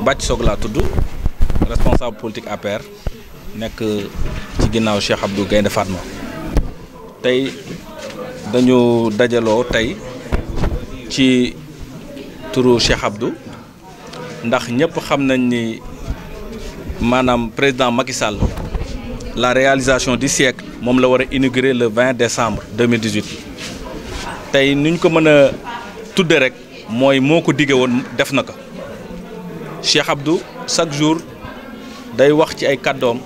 Bathie Sogue laa tudd responsable politique APR nekk ci ginnaaw Cheikh Abdou Gaynde Fatma tey dañu dajaloo tey ci turu Cheikh Abdou ndax ñëpp xam nañ ni maanaam président Macky Sall la réalisation du siècle moom la war a inaugurer le 20 décembre 2018 tey nuñ ko mën a tudde rek mooy moo ko dige woon def na ko Cheikh Abdou chaque jour day wax ci ay kàddoom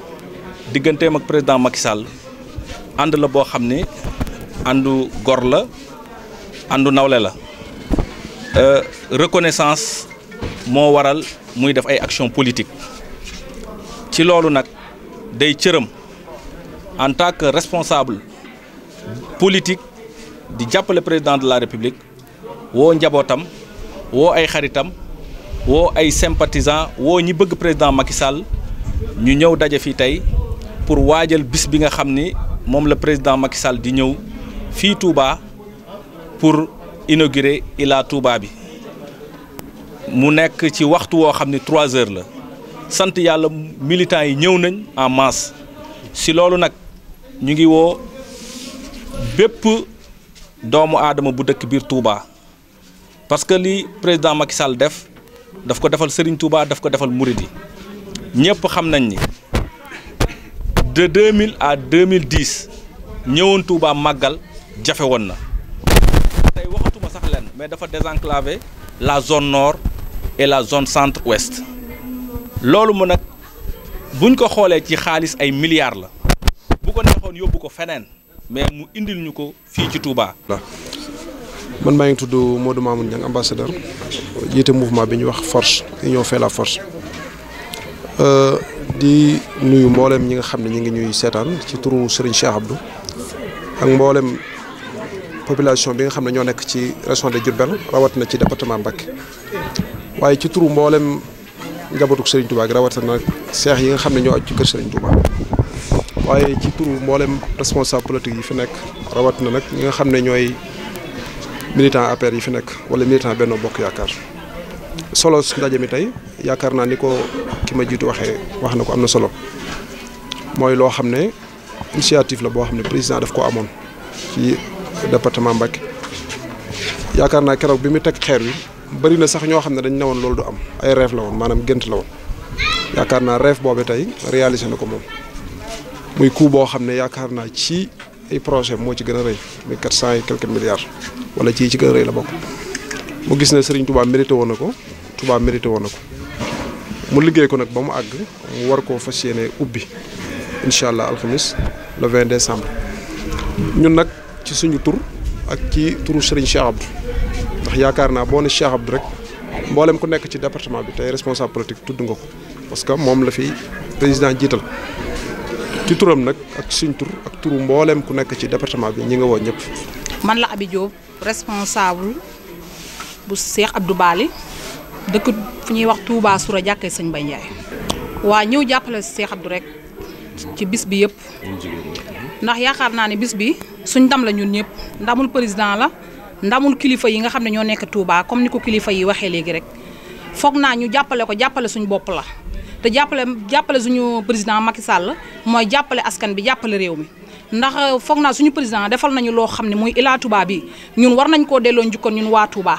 digganteem ak président Macky Sall ànd la boo xam ni àndu gor la àndu nawle la euh, reconnaissance moo waral muy def ay action politique ci loolu nag day cëram en tant que responsable politique di jàppale président de la république woo njabootam woo ay xaritam woo ay sympathisants woo ñi bëgg président Macky Sall ñu ñëw daje fii tey pour waajal bis bi nga xam ni moom la président Macky Sall di ñëw fii Touba pour inaugurer Ila Touba bi mu nekk ci waxtu woo xam ni trois heures la sant yàlla militants yi ñëw nañ en mars si loolu nag ñu ngi woo bépp doomu aadama bu dëkk biir Touba parce que li président Macky Sall def. daf ko defal Serigne Touba daf ko defal Mouride yi ñëpp xam nañ ni de 2000 à 2010 ñëwoon Touba màggal jafe woon na. tey waxatuma sax leen mais dafa désenclaver la zone nord et la zone centre ouest loolu mu nag buñ ko xoolee ci xaalis ay milliards la bu ko neexoon yóbbu ko feneen mais mu indil ñu ko fii ci Touba. man maa tuddu Modou Mamoun ñang ambassadeur jiite mouvement bi ñu wax force union fait la force euh, di nuyu mbollem ñi nga xamni ñi ngi ñuy sétane ci turu Serigne Cheikh Abdou ak mbollem population bi nga xamni ñoo nek ci région de rawat na ci département Mbacké waye ci turu mbollem njabootu Serigne Touba gi rawatina nag seex yi nga xamni ñoo ci kër Serigne Touba waye ci turu mbollem responsable politique yi fi nek rawat na nak nga xamni ñoy militant APR yi fi nekk wala militant Benno Bokk Yaakaar solo ndaje mi tey yaakaar naa ni ko ki ma jiitu waxee wax na ko am na solo mooy loo xam ne initiative la boo xam ne président daf ko amoon ci département Mbacké yaakaar naa keroog bi mu teg xeer wi bëri na sax ñoo xam ne dañ ne woon loolu du am ay rêve la woon maanaam gént la woon yaakaar naa rêve boobu tey réalisé na ko moom muy coup boo xam ne yaakaar naa ci ay projet moo ci gën a rëy muy quatre cent et quelques milliards wala ci ci gën a rëy la bokk mu gis ne Serigne Touba mérité na ko Touba mérité na ko mu liggéey ko nag ba mu àgg mu war koo fas yéene ubbi incha allah alxamis le 20 décembre ñun nag ci suñu tur ak ci turu Serigne Cheikh Abdou ndax yaakaar naa boo ne Cheikh Abdou rek mboolem ku nekk ci département bi tey responsable politique tudd nga ko parce que moom la fi président jiital. ci turam nag ak suñ tur ak turu mbooleem ku nekk ci département bi ñu ngi woo ñëpp. man la Abi Diop responsable bu Cheikh Abdou Bali dëkk fu ñuy wax Touba Soura jàkkee sëñ Mbaye Ndiaye. waa ñëw jàppale Cheikh Abdou rek ci bis bi yëpp. ndax yaakaar naa ne bis bi suñ ndam la ñun ñëpp ndamul président la ndamul kilifa yi nga xam ne ñoo nekk Touba comme ni ko kilifa yi waxee léegi rek foog naa ñu jàppale ko jàppale suñ bopp la. te jàppale jàppale suñu président Macky Sall mooy jàppale askan bi jàppale réew mi ndax foog naa suñu président defal nañu loo xam ne muy Ila Touba bi ñun war nañ koo delloo njukkoon ñun waatu Touba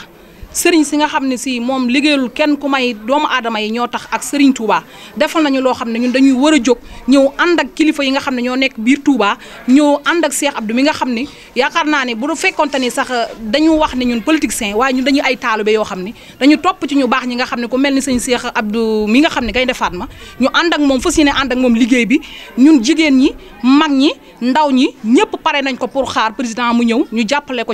sëriñ si nga xam ne si moom liggéeyul kenn ku may doomu aadama yi ñoo tax ak sëriñ Touba defal nañu loo xam ne ñun dañuy war a jóg ñëw ànd ak kilifa yi nga xam ne ñoo nekk biir Touba ñëw ànd ak Cheikh Abdou mi nga xam ne yaakaar naa ne bu du fekkonte ni sax euh, dañu wax ne ñun politicien waaye ñun dañuy ay taalibe yoo xam ne dañu topp ci ñu baax ñi nga xam ne ku mel ni sëñ Cheikh Abdou mi nga xam ne Gaynde Fatma ñu ànd ak moom fas yéene ànd ak moom liggéey bi ñun jigéen ñi mag ñi ndaw ñi ñëpp pare nañ ko pour xaar président mu ñëw ñu jàppale ko